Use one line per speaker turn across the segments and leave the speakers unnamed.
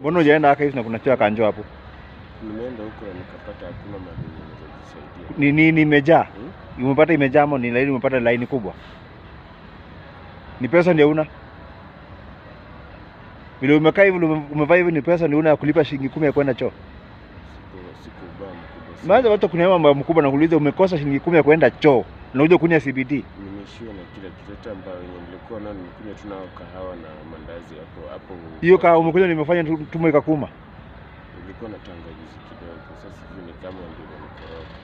Mbona hujaenda haka hivi na kuna chua kanjo hapo?
Nimeenda huko na nikapata hakuna mali inaweza
Ni nini imejaa? Hmm? Umepata imejaa ama ni laini umepata laini kubwa? Ni pesa ndio una? Bila umekaa hivi umevaa hivi ni pesa ndio una ya kulipa shilingi 10 ya kwenda choo? Siku siku bana kubwa. Maana watu kuna mambo makubwa na kuuliza umekosa shilingi 10 ya kwenda choo. Unakuja kunywa CBD?
Nimeishiwa na kila kitu ambayo nilikuwa nayo, nimekunywa tu nao kahawa na mandazi hapo hapo.
Hiyo kahawa umekunywa, nimefanya tumbo ikakuma.
Nilikuwa na tangawizi kidogo, sasa sijui ni kama ndio nikoroka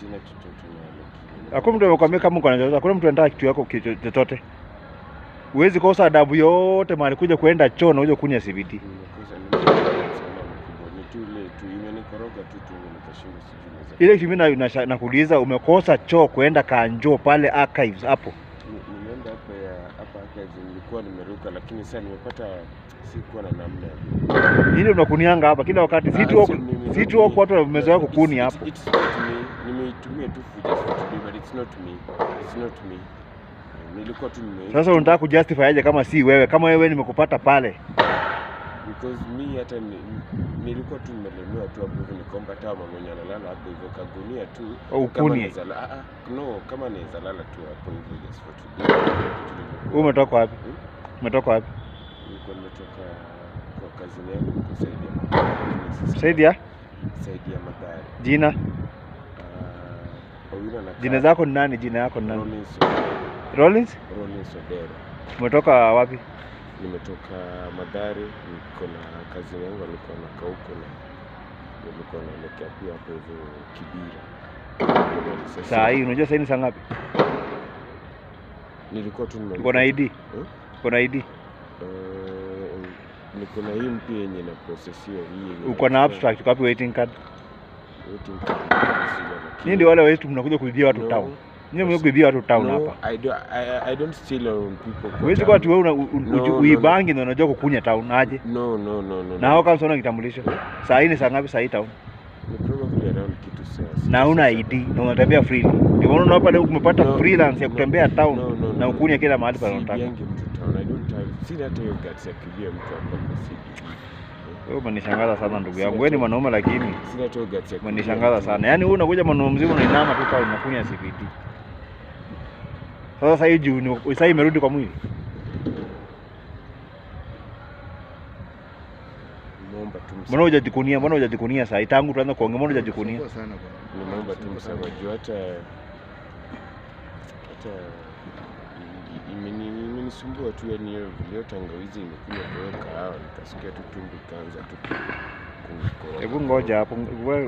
Sina chochote nalo.
Hakuna mtu anakuambia kama uko na chochote, hakuna mtu anataka kitu yako chochote. Huwezi kosa adabu yote mahali kuja kuenda choo na kuja kunywa CBD.
Nimekosa
ile kimi nakuuliza umekosa choo kuenda Kanjo pale archives hapo?
Nimeenda hapo ya hapa archives, nilikuwa nimeruka, lakini sasa nimepata, sikuwa na
namna. Ile unakunianga hapa kila wakati, situ ah, tu si tu watu wamezoea kukuni hapo.
Nimeitumia tu but it's not me, it's not me. Nilikuwa tu nimeitumia.
Sasa unataka kujustify aje kama si wewe? Kama wewe nimekupata pale
because mi hata ni, nilikuwa tu nimelemewa tu hapo hivi, nikomba hata mama mwenye analala hapo hivyo kagunia tu
oh, kama naweza
lala ah, ah, no, kama naweza lala tu hapo hivyo just for today.
Wewe umetoka wapi? Hmm? Umetoka wapi?
Nilikuwa nimetoka kwa kazi yangu kusaidia saidia saidia madhara
Jina ah, jina zako ni nani? Jina yako ni nani? Rollins Rollins
Rollins Odero.
Umetoka wapi?
Nimetoka Madhari, niko na kazi yangu alikuwa nakaa huko na nilikuwa naelekea pia hapo hivyo Kibira.
Saa hii unajua saa hii ni saa ngapi?
Nilikuwa tu nime
Uko na ID? Uko hmm? na ID? Eh,
niko na hii mpya yenye na process hii.
Uko na abstract, kwa wapi waiting card? Waiting card. Nyinyi ndio wale wetu mnakuja kuibia watu town mwekuivia watu town hapa
I don't steal people.
huwezi kuwa tiwe uibangi na unajua kukunya town aje
no, no, no, no,
na hao kama sona kitambulisho hmm? saa hii ni saa ngapi saa hii town na una ID na unatembea free. Ni maana unaona pale umepata no, freelance ya kutembea town no, no, na ukunya kila mahali pale unataka. Wewe umenishangaza sana ndugu yangu. Wewe ni mwanaume lakini umenishangaza sana. Yaani wewe unakuja mwanaume mzima unainama tu town unakunya CBD. Sasa sasa hii juu sasa imerudi kwa mwili. Naomba tu msaada. Mbona hujajikunia? Mbona hujajikunia sasa? Itangu tuanze kuongea mbona hujajikunia? Sana
bwana. Naomba tu msaada juu hata hata imenisumbua tu yani leo tangawizi imekuja kwa hawa nikasikia tu tumbo kaanza tu.
Hebu ngoja hapo.